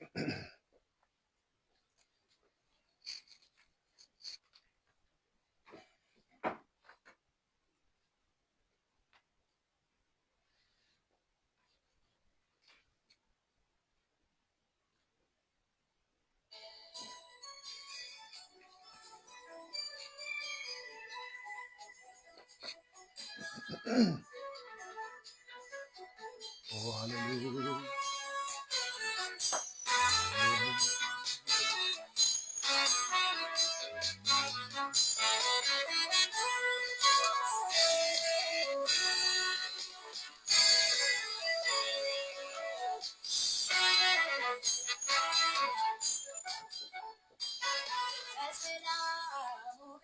oh, hallelujah.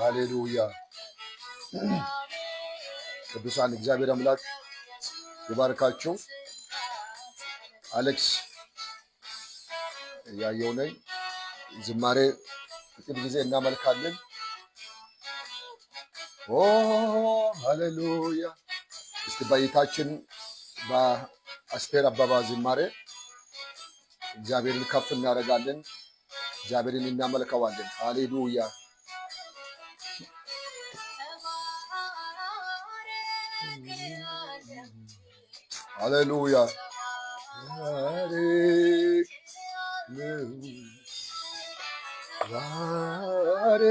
ሃሌሉያ oh, ቅዱሳን እግዚአብሔር አምላክ ይባርካችሁ። አሌክስ ያየው ነኝ። ዝማሬ ጥቂት ጊዜ እናመልካለን። ኦ oh, ሃሌሉያ። እስቲ በይታችን በአስቴር አበባ ዝማሬ እግዚአብሔርን ከፍ እናደርጋለን። እግዚአብሔርን እናመልከዋለን። ሃሌሉያ ሃሌሉያ ባሬ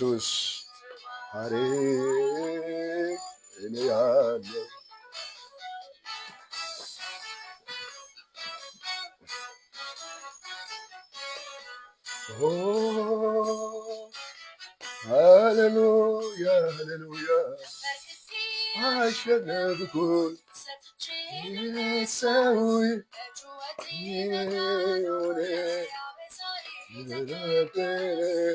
Jesus. Hare Oh, hallelujah, hallelujah. I should never go. Yes, I will. Yeah, oh, yeah.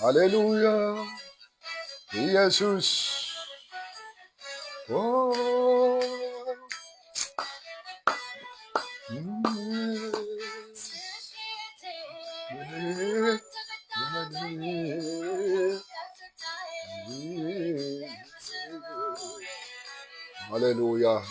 Hallelujah. Jesus. Oh. Hallelujah.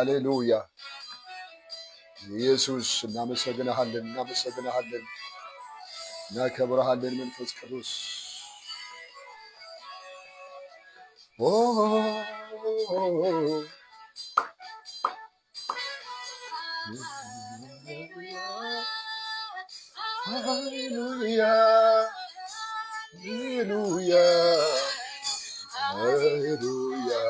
ሃሌሉያ ኢየሱስ እናመሰግንሃለን፣ እናመሰግንሃለን፣ እናከብረሃለን መንፈስ ቅዱስ ሃሌሉያ ሃሌሉያ ሃሌሉያ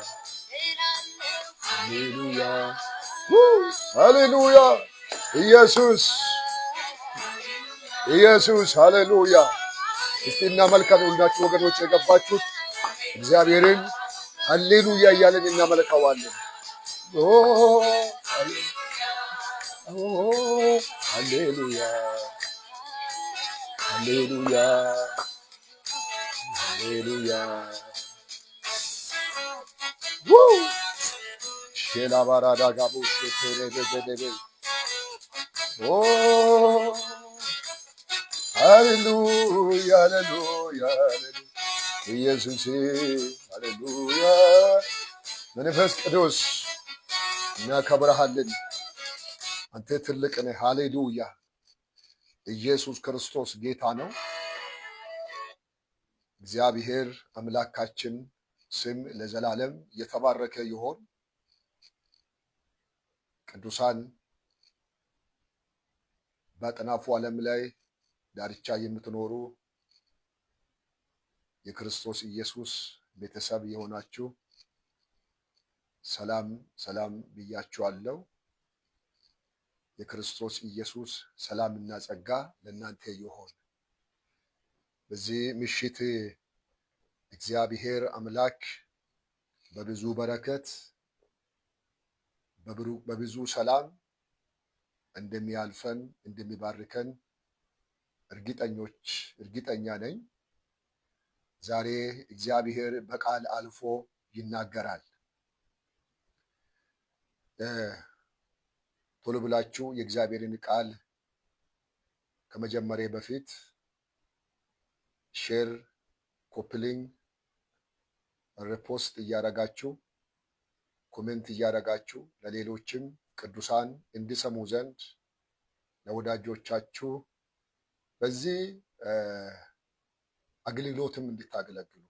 ሃሌሉያ ሃሌሉያ ኢየሱስ ኢየሱስ ሃሌሉያ። እስቲ እናመልከን ሁላችሁ ወገኖች የገባችሁት እግዚአብሔርን ሃሌሉያ እያለን እናመልከዋለን። ሃሌሉያ ሃሌሉያ ሃሌሉያ Şelabarada gabuşu terebebebe. Oh, hallelujah, hallelujah, ኢየሱስ ሃሌሉያ። መንፈስ ቅዱስ እናከብረሃለን። አንተ ትልቅ ነህ። ሃሌሉያ። ኢየሱስ ክርስቶስ ጌታ ነው። እግዚአብሔር አምላካችን ስም ለዘላለም የተባረከ ይሆን። ቅዱሳን በአጥናፉ ዓለም ላይ ዳርቻ የምትኖሩ የክርስቶስ ኢየሱስ ቤተሰብ የሆናችሁ ሰላም ሰላም ብያችኋለሁ። የክርስቶስ ኢየሱስ ሰላምና ጸጋ ለእናንተ ይሆን። በዚህ ምሽት እግዚአብሔር አምላክ በብዙ በረከት በብዙ ሰላም እንደሚያልፈን እንደሚባርከን እርግጠኞች እርግጠኛ ነኝ። ዛሬ እግዚአብሔር በቃል አልፎ ይናገራል። ቶሎ ብላችሁ የእግዚአብሔርን ቃል ከመጀመሪያ በፊት ሼር፣ ኮፕሊንግ፣ ሪፖስት እያደረጋችሁ ኮሜንት እያደረጋችሁ ለሌሎችም ቅዱሳን እንዲሰሙ ዘንድ ለወዳጆቻችሁ በዚህ አገልግሎትም እንድታገለግሉ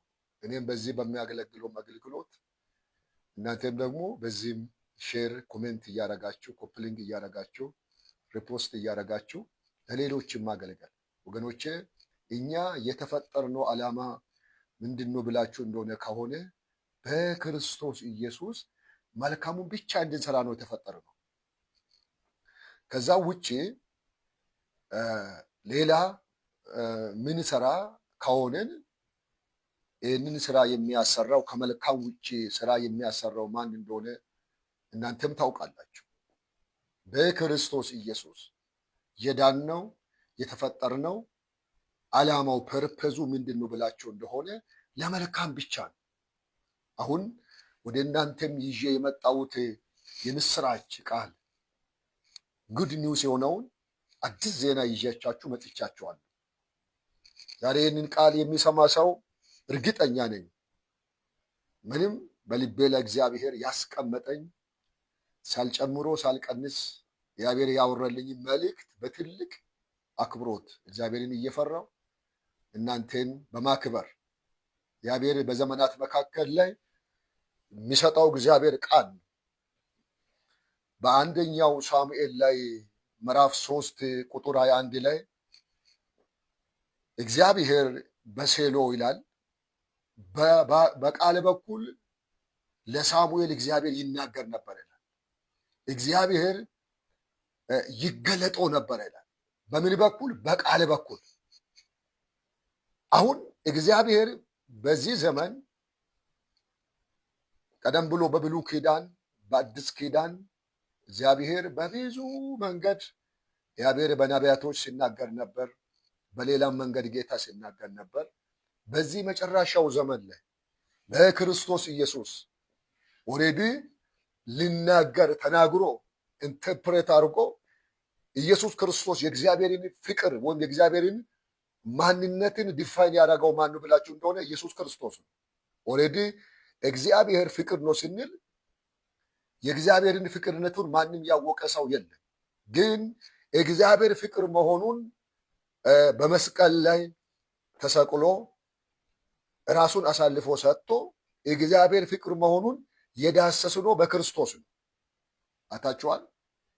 እኔም በዚህ በሚያገለግለውም አገልግሎት እናንተም ደግሞ በዚህም ሼር ኮሜንት እያደረጋችሁ ኮፕሊንግ እያደረጋችሁ ሪፖስት እያደረጋችሁ ለሌሎችም ማገልገል ወገኖቼ፣ እኛ የተፈጠርነው ዓላማ ምንድን ነው ብላችሁ እንደሆነ ከሆነ በክርስቶስ ኢየሱስ መልካሙን ብቻ እንድንሰራ ነው የተፈጠረ ነው። ከዛ ውጭ ሌላ ምን ስራ ከሆነን ይህንን ስራ የሚያሰራው ከመልካም ውጭ ስራ የሚያሰራው ማን እንደሆነ እናንተም ታውቃላችሁ። በክርስቶስ ኢየሱስ የዳነው የተፈጠርነው ዓላማው ፐርፐዙ ምንድን ነው ብላችሁ እንደሆነ ለመልካም ብቻ ነው አሁን ወደ እናንተም ይዤ የመጣሁት የምስራች ቃል ጉድ ኒውስ የሆነውን አዲስ ዜና ይዣቻችሁ መጥቻችኋለሁ። ዛሬ ይህንን ቃል የሚሰማ ሰው እርግጠኛ ነኝ ምንም በልቤ ለእግዚአብሔር ያስቀመጠኝ ሳልጨምሮ ሳልቀንስ እግዚአብሔር ያወረልኝ መልእክት በትልቅ አክብሮት እግዚአብሔርን እየፈራው እናንተን በማክበር እግዚአብሔር በዘመናት መካከል ላይ የሚሰጠው እግዚአብሔር ቃል በአንደኛው ሳሙኤል ላይ ምዕራፍ ሶስት ቁጥር ሃያ አንድ ላይ እግዚአብሔር በሴሎ ይላል በቃል በኩል ለሳሙኤል እግዚአብሔር ይናገር ነበር ይላል። እግዚአብሔር ይገለጠው ነበር ይላል። በምን በኩል? በቃል በኩል። አሁን እግዚአብሔር በዚህ ዘመን ቀደም ብሎ በብሉ ኪዳን በአዲስ ኪዳን እግዚአብሔር በብዙ መንገድ እግዚአብሔር በነቢያቶች ሲናገር ነበር፣ በሌላም መንገድ ጌታ ሲናገር ነበር። በዚህ መጨረሻው ዘመን ላይ በክርስቶስ ኢየሱስ ኦሬዲ ሊናገር ተናግሮ ኢንተርፕሬት አድርጎ ኢየሱስ ክርስቶስ የእግዚአብሔርን ፍቅር ወይም የእግዚአብሔርን ማንነትን ዲፋይን ያደረገው ማን ብላችሁ እንደሆነ ኢየሱስ ክርስቶስ ነው ኦሬዲ እግዚአብሔር ፍቅር ነው ስንል የእግዚአብሔርን ፍቅርነቱን ማንም ያወቀ ሰው የለም። ግን እግዚአብሔር ፍቅር መሆኑን በመስቀል ላይ ተሰቅሎ ራሱን አሳልፎ ሰጥቶ እግዚአብሔር ፍቅር መሆኑን የዳሰስ ነው በክርስቶስ ነው። አታችኋል።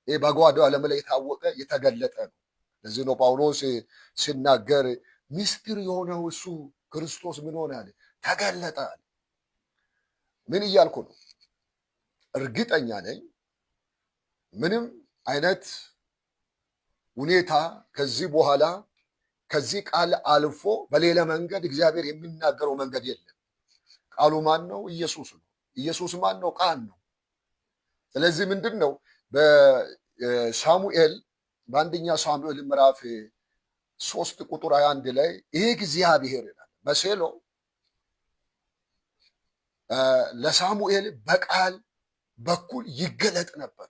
ይህ በጓዶ ዓለም ላይ የታወቀ የተገለጠ ነው። ለዚህ ነው ጳውሎስ ሲናገር ምስጢር የሆነው እሱ ክርስቶስ ምን ሆነ? ተገለጠ። ምን እያልኩ ነው? እርግጠኛ ነኝ ምንም አይነት ሁኔታ ከዚህ በኋላ ከዚህ ቃል አልፎ በሌላ መንገድ እግዚአብሔር የሚናገረው መንገድ የለም። ቃሉ ማን ነው? ኢየሱስ ነው። ኢየሱስ ማን ነው? ቃል ነው። ስለዚህ ምንድን ነው በሳሙኤል በአንደኛ ሳሙኤል ምዕራፍ ሶስት ቁጥር አንድ ላይ ይህ እግዚአብሔር ይላል መሴሎ ለሳሙኤል በቃል በኩል ይገለጥ ነበር፣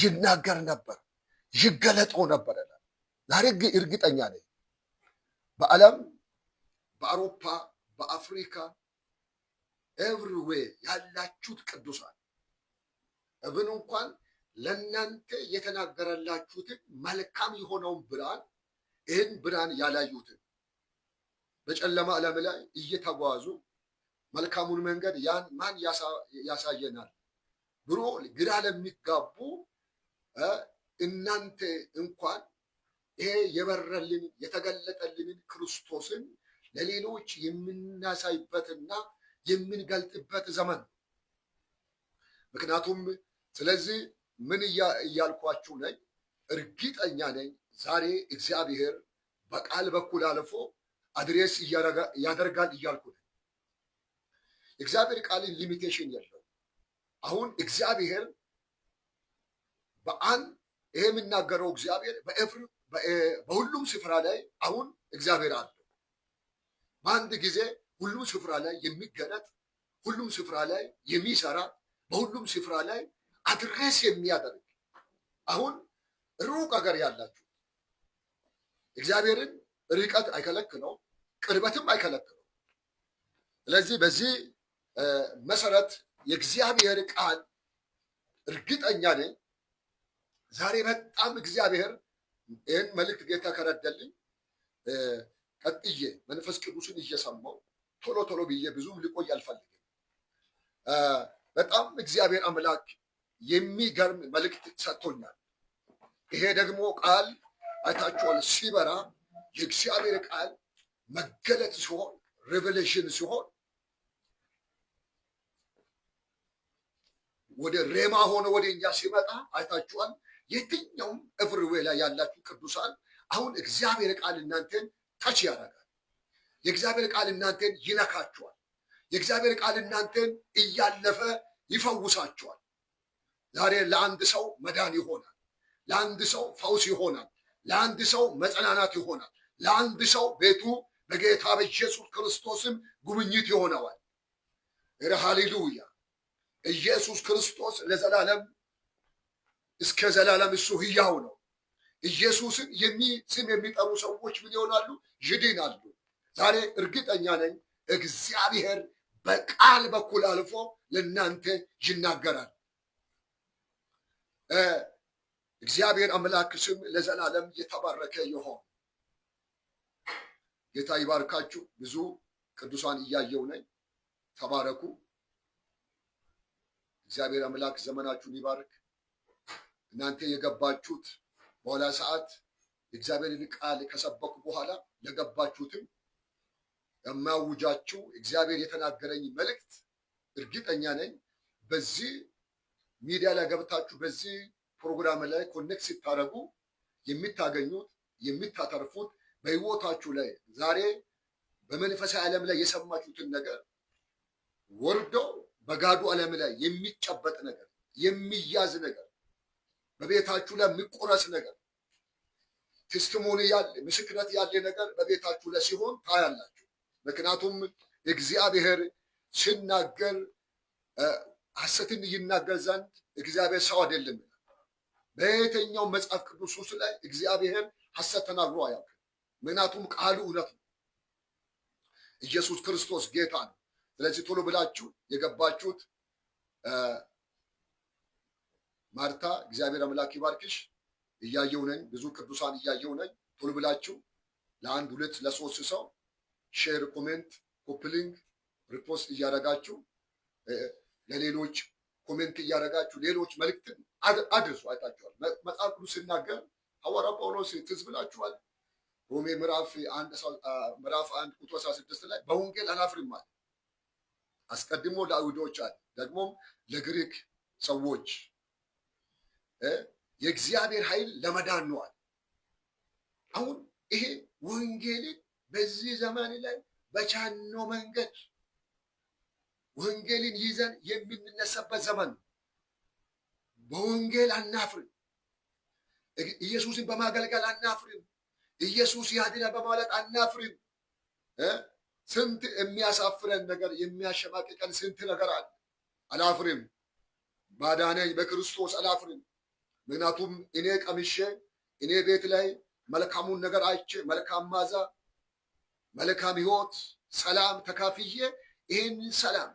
ይናገር ነበር፣ ይገለጠው ነበር። ዛሬ እርግጠኛ ነኝ በዓለም በአውሮፓ በአፍሪካ ኤቭሪዌ ያላችሁት ቅዱሳን እብን እንኳን ለእናንተ የተናገረላችሁትን መልካም የሆነውን ብርሃን ይህን ብርሃን ያላዩትን በጨለማ ዓለም ላይ እየተጓዙ መልካሙን መንገድ ያን ማን ያሳየናል ብሎ ግራ ለሚጋቡ እናንተ እንኳን ይሄ የበረልን የተገለጠልንን ክርስቶስን ለሌሎች የምናሳይበትና የምንገልጥበት ዘመን ምክንያቱም ስለዚህ ምን እያልኳችሁ ነኝ? እርግጠኛ ነኝ ዛሬ እግዚአብሔር በቃል በኩል አልፎ አድሬስ ያደርጋል እያልኩ ነኝ። እግዚአብሔር ቃልን ሊሚቴሽን የለው። አሁን እግዚአብሔር በአንድ ይሄ የሚናገረው እግዚአብሔር በኤፍሪ በሁሉም ስፍራ ላይ አሁን እግዚአብሔር አለ። በአንድ ጊዜ ሁሉም ስፍራ ላይ የሚገለጥ ሁሉም ስፍራ ላይ የሚሰራ በሁሉም ስፍራ ላይ አድሬስ የሚያደርግ አሁን ሩቅ ሀገር ያላችሁ እግዚአብሔርን ርቀት አይከለክለው፣ ቅርበትም አይከለክለው። ስለዚህ በዚህ መሰረት የእግዚአብሔር ቃል እርግጠኛ ነኝ ዛሬ በጣም እግዚአብሔር ይህን መልእክት ጌታ ከረደልኝ ቀጥዬ መንፈስ ቅዱስን እየሰማው ቶሎ ቶሎ ብዬ ብዙ ልቆይ አልፈልግም። በጣም እግዚአብሔር አምላክ የሚገርም መልእክት ሰጥቶኛል። ይሄ ደግሞ ቃል አይታችኋል፣ ሲበራ የእግዚአብሔር ቃል መገለጥ ሲሆን ሪቨሌሽን ሲሆን ወደ ሬማ ሆኖ ወደ እኛ ሲመጣ አይታችኋል። የትኛውም እፍርዌ ላይ ያላችሁ ቅዱሳን አሁን እግዚአብሔር ቃል እናንተን ታች ያደርጋል። የእግዚአብሔር ቃል እናንተን ይነካችኋል። የእግዚአብሔር ቃል እናንተን እያለፈ ይፈውሳችኋል። ዛሬ ለአንድ ሰው መዳን ይሆናል። ለአንድ ሰው ፈውስ ይሆናል። ለአንድ ሰው መጽናናት ይሆናል። ለአንድ ሰው ቤቱ በጌታ በኢየሱስ ክርስቶስም ጉብኝት ይሆነዋል። ሃሌሉያ ኢየሱስ ክርስቶስ ለዘላለም እስከ ዘላለም እሱ ህያው ነው። ኢየሱስን ስም የሚጠሩ ሰዎች ምን ይሆናሉ? ይድናሉ። ዛሬ እርግጠኛ ነኝ እግዚአብሔር በቃል በኩል አልፎ ለእናንተ ይናገራል። እግዚአብሔር አምላክ ስም ለዘላለም የተባረከ ይሆን። ጌታ ይባርካችሁ። ብዙ ቅዱሳን እያየው ነኝ። ተባረኩ። እግዚአብሔር አምላክ ዘመናችሁን ይባርክ። እናንተ የገባችሁት በኋላ ሰዓት የእግዚአብሔርን ቃል ከሰበኩ በኋላ ለገባችሁትም የማያውጃችሁ እግዚአብሔር የተናገረኝ መልእክት እርግጠኛ ነኝ በዚህ ሚዲያ ላይ ገብታችሁ በዚህ ፕሮግራም ላይ ኮኔክት ሲታደረጉ የሚታገኙት የሚታተርፉት በህይወታችሁ ላይ ዛሬ በመንፈሳዊ ዓለም ላይ የሰማችሁትን ነገር ወርዶ በጋዱ ዓለም ላይ የሚጨበጥ ነገር፣ የሚያዝ ነገር፣ በቤታችሁ ላይ የሚቆረስ ነገር፣ ቴስቲሞኒ ያለ ምስክረት ያለ ነገር በቤታችሁ ላይ ሲሆን ታያላችሁ። ምክንያቱም እግዚአብሔር ሲናገር ሐሰትን ይናገር ዘንድ እግዚአብሔር ሰው አይደለም። በየትኛው መጽሐፍ ቅዱስ ውስጥ ላይ እግዚአብሔር ሐሰት ተናግሮ አያውቅም። ምክንያቱም ቃሉ እውነት ነው። ኢየሱስ ክርስቶስ ጌታ ነው። ስለዚህ ቶሎ ብላችሁ የገባችሁት ማርታ እግዚአብሔር አምላክ ይባርክሽ። እያየው ነኝ፣ ብዙ ቅዱሳን እያየው ነኝ። ቶሎ ብላችሁ ለአንድ ሁለት ለሶስት ሰው ሼር፣ ኮሜንት፣ ኮፕሊንግ፣ ሪፖስት እያደረጋችሁ ለሌሎች ኮሜንት እያደረጋችሁ ሌሎች መልእክትን አድርሱ። አይታችኋል መጽሐፍ ቅዱስ ሲናገር ሐዋርያው ጳውሎስ ትዝ ብላችኋል ሮሜ ምዕራፍ አንድ ቁጥር አስራ ስድስት ላይ በወንጌል አላፍርም አስቀድሞ ለአይሁዶች አለ። ደግሞም ለግሪክ ሰዎች የእግዚአብሔር ኃይል ለመዳን ነው አለ። አሁን ይሄ ወንጌልን በዚህ ዘመን ላይ በቻኖ መንገድ ወንጌልን ይዘን የምንነሳበት ዘመን ነው። በወንጌል አናፍርም። ኢየሱስን በማገልገል አናፍርም። ኢየሱስ ያድነ በማለት አናፍርም። ስንት የሚያሳፍረን ነገር የሚያሸማቅቀን ስንት ነገር አለ። አላፍርም፣ ባዳነኝ በክርስቶስ አላፍርም። ምክንያቱም እኔ ቀምሼ እኔ ቤት ላይ መልካሙን ነገር አይቼ መልካም ማዛ፣ መልካም ህይወት ሰላም ተካፍዬ ይህንን ሰላም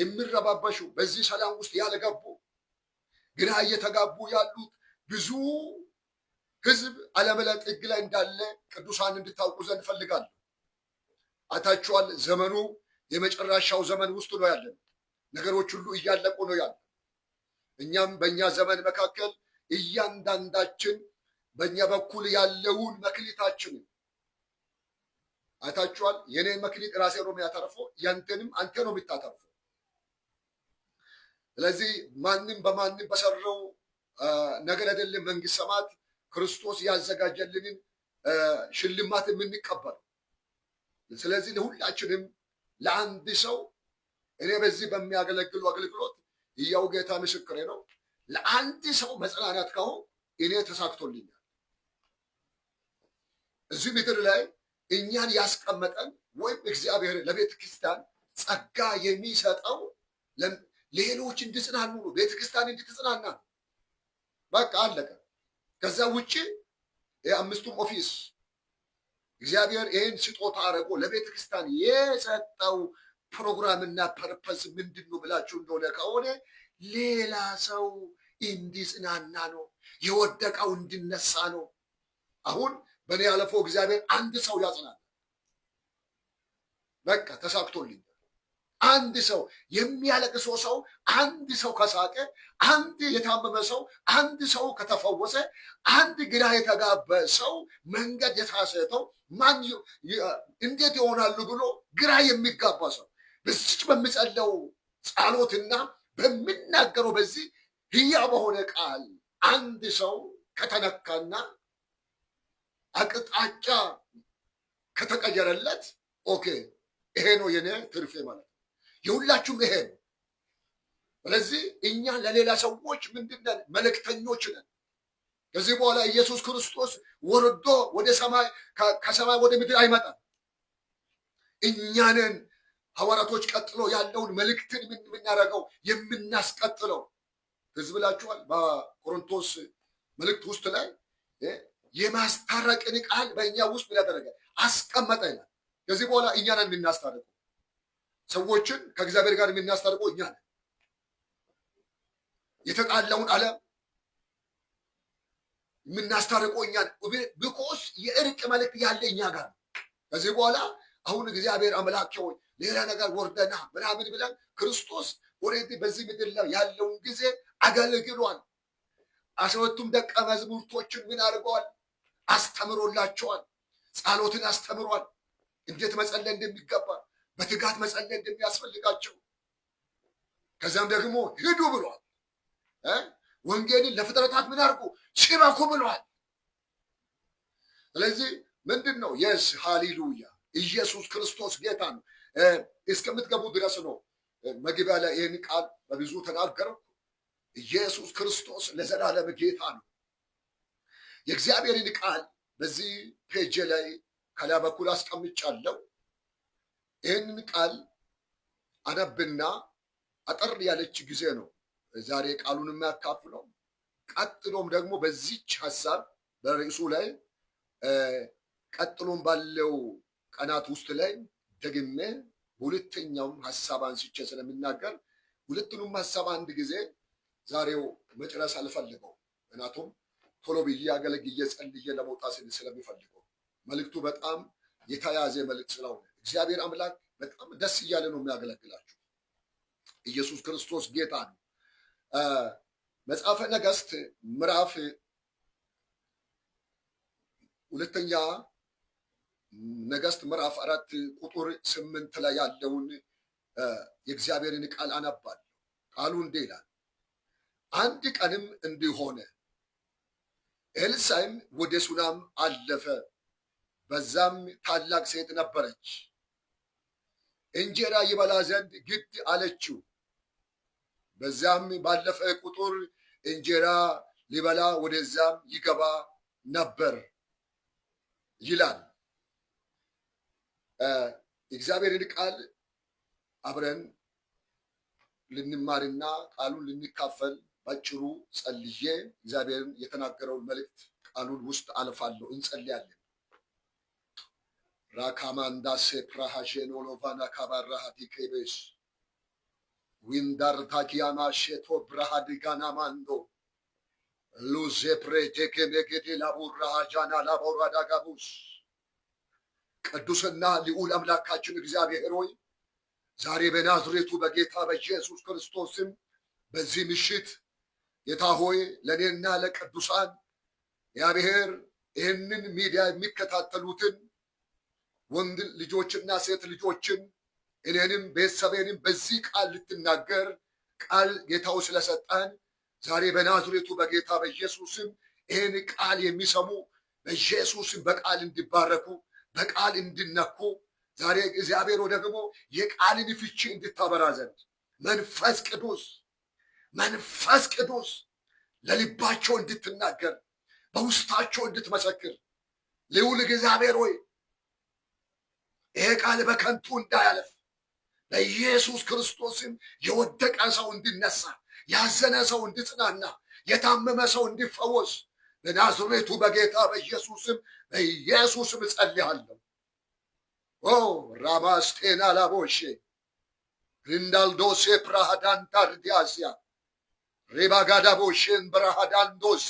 የሚረባበሹ በዚህ ሰላም ውስጥ ያልገቡ ግና እየተጋቡ ያሉት ብዙ ህዝብ ዓለም ላይ ጥግ ላይ እንዳለ ቅዱሳን እንድታውቁ ዘንድ ፈልጋለሁ። አይታችኋል። ዘመኑ የመጨረሻው ዘመን ውስጥ ነው ያለን። ነገሮች ሁሉ እያለቁ ነው ያለ። እኛም በእኛ ዘመን መካከል እያንዳንዳችን በእኛ በኩል ያለውን መክሊታችንን አይታችኋል። የኔን መክሊት ራሴ ነው የሚያተርፈው፣ ያንተንም አንተ ነው የምታተርፈው። ስለዚህ ማንም በማንም በሰራው ነገር አይደለም መንግስት ሰማት ክርስቶስ ያዘጋጀልንን ሽልማት የምንቀበለው ስለዚህ ለሁላችንም ለአንድ ሰው እኔ በዚህ በሚያገለግሉ አገልግሎት እያው ጌታ ምስክሬ ነው። ለአንድ ሰው መጽናናት ካሁን እኔ ተሳክቶልኛል። እዚህ ምድር ላይ እኛን ያስቀመጠን ወይም እግዚአብሔር ለቤተ ክርስቲያን ጸጋ የሚሰጠው ሌሎች እንድጽናኑ ነው። ቤተ ክርስቲያን እንድትጽናና በቃ አለቀ። ከዛ ውጭ የአምስቱም ኦፊስ እግዚአብሔር ይህን ስጦታ አድርጎ ለቤተ ክርስቲያን የሰጠው ፕሮግራምና ፐርፐስ ምንድን ነው ብላችሁ እንደሆነ ከሆነ ሌላ ሰው እንዲጽናና ነው፣ የወደቀው እንዲነሳ ነው። አሁን በእኔ ያለፈው እግዚአብሔር አንድ ሰው ያጽናል። በቃ ተሳክቶልኝ አንድ ሰው የሚያለቅሶ ሰው አንድ ሰው ከሳቀ፣ አንድ የታመመ ሰው አንድ ሰው ከተፈወሰ፣ አንድ ግራ የተጋበ ሰው መንገድ የታሰተው ማን እንዴት ይሆናሉ ብሎ ግራ የሚጋባ ሰው በዚች በምጸለው ጸሎትና በሚናገረው በዚህ ህያ በሆነ ቃል አንድ ሰው ከተነካና አቅጣጫ ከተቀየረለት ኦኬ ይሄ ነው የኔ ትርፌ ማለት የሁላችሁም ይሄ ነው። ስለዚህ እኛ ለሌላ ሰዎች ምንድነን? መልእክተኞች ነን። ከዚህ በኋላ ኢየሱስ ክርስቶስ ወርዶ ወደ ሰማይ ከሰማይ ወደ ምድር አይመጣም። እኛንን ሐዋርያቶች ቀጥሎ ያለውን መልእክትን የምናደርገው የምናስቀጥለው ህዝብ ላችኋል። በቆሮንቶስ መልእክት ውስጥ ላይ የማስታረቅን ቃል በእኛ ውስጥ ምን ያደረገ አስቀመጠ ይላል። ከዚህ በኋላ እኛንን የምናስታረቀው ሰዎችን ከእግዚአብሔር ጋር የምናስታርቀው እኛ ነን። የተጣላውን ዓለም የምናስታርቀው እኛ ብኮስ የእርቅ መልእክት ያለ እኛ ጋር ነው። ከዚህ በኋላ አሁን እግዚአብሔር አምላኬ ሆይ ሌላ ነገር ወርደና ምናምን ብለን ክርስቶስ ኦሬዲ በዚህ ምድር ላይ ያለውን ጊዜ አገልግሏል። አስራ ደቀ መዝሙርቶችን ምን አድርገዋል? አስተምሮላቸዋል። ጸሎትን አስተምሯል። እንዴት መጸለይ እንደሚገባ በትጋት መጸለይ እንደሚያስፈልጋቸው ከዚያም ደግሞ ሂዱ ብሏል። ወንጌልን ለፍጥረታት ምን አርጉ ስበኩ ብሏል። ስለዚህ ምንድን ነው የስ ሃሌሉያ ኢየሱስ ክርስቶስ ጌታ ነው። እስከምትገቡ ድረስ ነው። መግቢያ ላይ ይህን ቃል በብዙ ተናገረው። ኢየሱስ ክርስቶስ ለዘላለም ጌታ ነው። የእግዚአብሔርን ቃል በዚህ ፔጅ ላይ ከላይ በኩል አስቀምጫለሁ። ይህንን ቃል አነብና አጠር ያለች ጊዜ ነው ዛሬ ቃሉን የሚያካፍለው። ቀጥሎም ደግሞ በዚች ሀሳብ በርዕሱ ላይ ቀጥሎም ባለው ቀናት ውስጥ ላይ ደግሜ በሁለተኛውም ሀሳብ አንስቼ ስለሚናገር ሁለቱንም ሀሳብ አንድ ጊዜ ዛሬው መጨረስ አልፈልገው። ምክንያቱም ቶሎ ብዬ አገለግዬ ጸልዬ ለመውጣት ስለሚፈልገው መልእክቱ በጣም የተያዘ መልእክት ስለሆነ እግዚአብሔር አምላክ በጣም ደስ እያለ ነው የሚያገለግላችሁ። ኢየሱስ ክርስቶስ ጌታ ነው። መጽሐፈ ነገስት ምዕራፍ ሁለተኛ ነገስት ምዕራፍ አራት ቁጥር ስምንት ላይ ያለውን የእግዚአብሔርን ቃል አነባለሁ። ቃሉ እንዲህ ይላል፣ አንድ ቀንም እንዲሆነ ኤልሳይም ወደ ሱናም አለፈ። በዛም ታላቅ ሴት ነበረች እንጀራ ይበላ ዘንድ ግድ አለችው። በዛም ባለፈ ቁጥር እንጀራ ሊበላ ወደዛም ይገባ ነበር ይላል እግዚአብሔርን ቃል አብረን ልንማርና ቃሉን ልንካፈል ባጭሩ ጸልዬ እግዚአብሔርን የተናገረውን መልእክት ቃሉን ውስጥ አልፋለሁ። እንጸልያለን። ራካማንዳሴ ፕራሃሼኖሎቫና ካባራሃቲ ኬቤስ ዊንዳርታኪያና ሼቶ ብራሃዲጋና ማንዶ ሉዜ ፕሬቴኬ ሜጌቴ ላቡራሃጃና ላቦራዳጋቡስ ቅዱስና ልዑል አምላካችን እግዚአብሔር ሆይ ዛሬ በናዝሬቱ በጌታ በኢየሱስ ክርስቶስም በዚህ ምሽት ጌታ ሆይ ለእኔና ለቅዱሳን እግዚአብሔር ይህንን ሚዲያ የሚከታተሉትን ወንድ ልጆችና ሴት ልጆችን እኔንም ቤተሰቤንም በዚህ ቃል ልትናገር ቃል ጌታው ስለሰጠን ዛሬ በናዝሬቱ በጌታ በኢየሱስም ይህን ቃል የሚሰሙ በኢየሱስም በቃል እንዲባረኩ በቃል እንዲነኩ ዛሬ እግዚአብሔር ደግሞ የቃልን ፍቺ እንድታበራ ዘንድ መንፈስ ቅዱስ መንፈስ ቅዱስ ለልባቸው እንድትናገር በውስጣቸው እንድትመሰክር ልውል እግዚአብሔር ሆይ ይሄ ቃል በከንቱ እንዳያለፍ በኢየሱስ ክርስቶስም የወደቀ ሰው እንዲነሳ፣ ያዘነ ሰው እንዲጽናና፣ የታመመ ሰው እንዲፈወስ በናዝሬቱ በጌታ በኢየሱስም በኢየሱስም እጸልያለሁ። ኦ ራባስቴና ላቦሼ ሪንዳልዶሴ ፕራሃዳንታ ርዲያስያ ሬባጋዳቦሼን ብራሃዳንዶሴ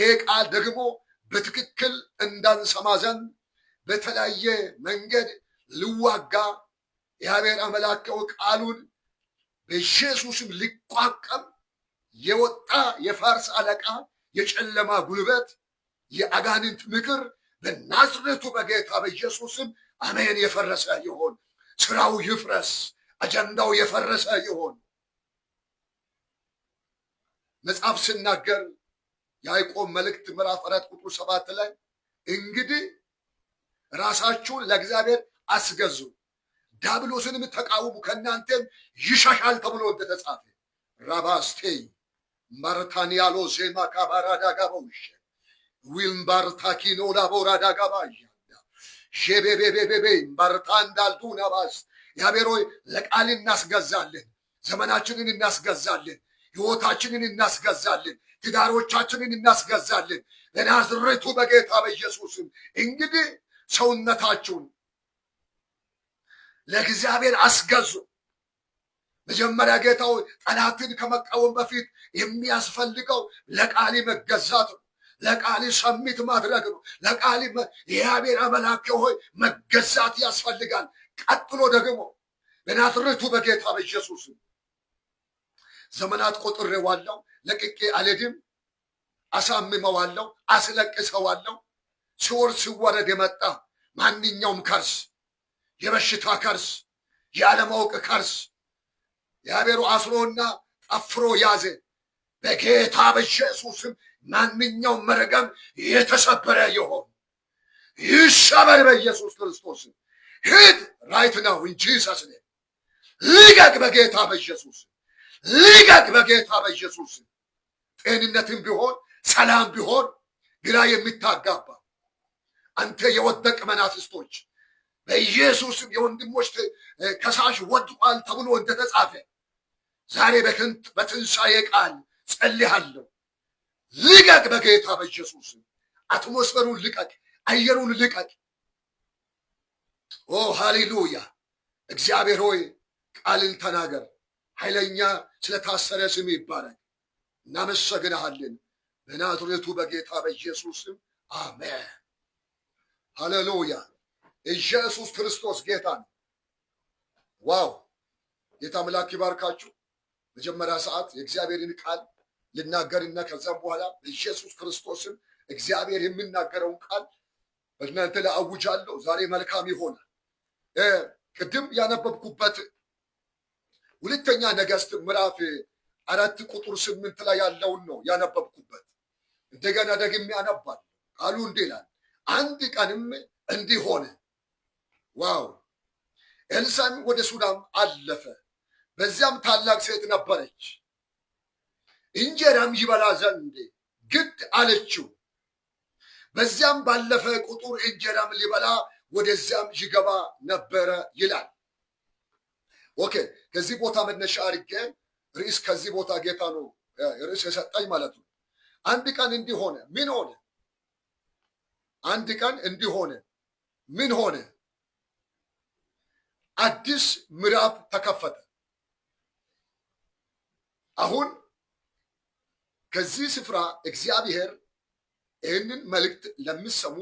ይህ ቃል ደግሞ በትክክል እንዳንሰማ ዘንድ በተለያየ መንገድ ልዋጋ የእግዚአብሔር አመላከው ቃሉን በኢየሱስም ሊቋቀም የወጣ የፋርስ አለቃ የጨለማ ጉልበት የአጋንንት ምክር በናዝሬቱ በጌታ በኢየሱስም አሜን የፈረሰ ይሆን። ስራው ይፍረስ። አጀንዳው የፈረሰ ይሆን። መጽሐፍ ስናገር የያዕቆብ መልእክት ምዕራፍ አራት ቁጥር ሰባት ላይ እንግዲህ ራሳችሁን ለእግዚአብሔር አስገዙ፣ ዳብሎስንም ተቃውሙ፣ ከእናንተም ይሸሻል ተብሎ እንደተጻፈ ራባስቴ ማርታንያሎ ዜማ ካባራዳ ጋባውሸ ዊልምባርታኪኖ ላቦራዳ ጋባ እያዳ ሼቤቤቤቤቤ ባርታ እንዳልቱ ናባስ ያቤሮ ለቃል እናስገዛለን፣ ዘመናችንን እናስገዛለን፣ ህይወታችንን እናስገዛለን፣ ትዳሮቻችንን እናስገዛለን ለናዝሬቱ በጌታ በኢየሱስም እንግዲህ ሰውነታችሁን ለእግዚአብሔር አስገዙ። መጀመሪያ ጌታው ጠላትን ከመቃወም በፊት የሚያስፈልገው ለቃሊ መገዛት ነው። ለቃሊ ሰሚት ማድረግ ነው። ለቃሊ የአቤር አመላክ ሆይ መገዛት ያስፈልጋል። ቀጥሎ ደግሞ በናዝሬቱ በጌታ በኢየሱስ ዘመናት ቆጥሬዋለሁ፣ ለቅቄ አልሄድም፣ አሳምመዋለሁ፣ አስለቅሰዋለሁ ሲወር ሲወረድ የመጣ ማንኛውም ከርስ የበሽታ ከርስ፣ የአለማወቅ ከርስ የአቤሩ አስሮና ጠፍሮ ያዘ። በጌታ በኢየሱስም ማንኛውም መረገም የተሰበረ ይሆን ይሰበር፣ በኢየሱስ ክርስቶስ ሂድ። ራይት ነው እንጂ ሰስ ልቀቅ፣ በጌታ በኢየሱስ ልቀቅ፣ በጌታ በኢየሱስ ጤንነትም ቢሆን ሰላም ቢሆን ግራ የሚታጋባ አንተ የወደቅ መናፍስቶች በኢየሱስም የወንድሞች ከሳሽ ወድቋል ተብሎ እንደተጻፈ ዛሬ በክንት በትንሣኤ ቃል ጸልሃለሁ። ልቀቅ፣ በጌታ በኢየሱስ አትሞስፈሩን ልቀቅ፣ አየሩን ልቀቅ። ኦ ሃሌሉያ! እግዚአብሔር ሆይ ቃልን ተናገር። ኃይለኛ ስለታሰረ ስም ይባላል። እናመሰግንሃለን በናዝሬቱ በጌታ በኢየሱስም አሜን። ሀሌሉያ ኢየሱስ ክርስቶስ ጌታ ነው። ዋው! ጌታ አምላክ ይባርካችሁ። መጀመሪያ ሰዓት የእግዚአብሔርን ቃል ልናገርና ከዛም በኋላ ኢየሱስ ክርስቶስን እግዚአብሔር የሚናገረውን ቃል በእናንተ ላይ አውጃለሁ። ዛሬ መልካም ይሆናል። ቅድም ያነበብኩበት ሁለተኛ ነገሥት ምዕራፍ አራት ቁጥር ስምንት ላይ ያለውን ነው ያነበብኩበት። እንደገና ደግሜ ያነባል ቃሉ እንዲህ ይላል አንድ ቀንም እንዲህ ሆነ፣ ዋው ኤልሳም ወደ ሱዳን አለፈ። በዚያም ታላቅ ሴት ነበረች፣ እንጀራም ይበላ ዘንድ ግድ አለችው። በዚያም ባለፈ ቁጥር እንጀራም ሊበላ ወደዚያም ይገባ ነበረ ይላል። ኦኬ ከዚህ ቦታ መነሻ አድርጌ ርዕስ ከዚህ ቦታ ጌታ ነው ርዕስ የሰጠኝ ማለት ነው። አንድ ቀን እንዲህ ሆነ። ምን ሆነ? አንድ ቀን እንዲህ ሆነ። ምን ሆነ? አዲስ ምዕራፍ ተከፈተ። አሁን ከዚህ ስፍራ እግዚአብሔር ይህንን መልእክት ለሚሰሙ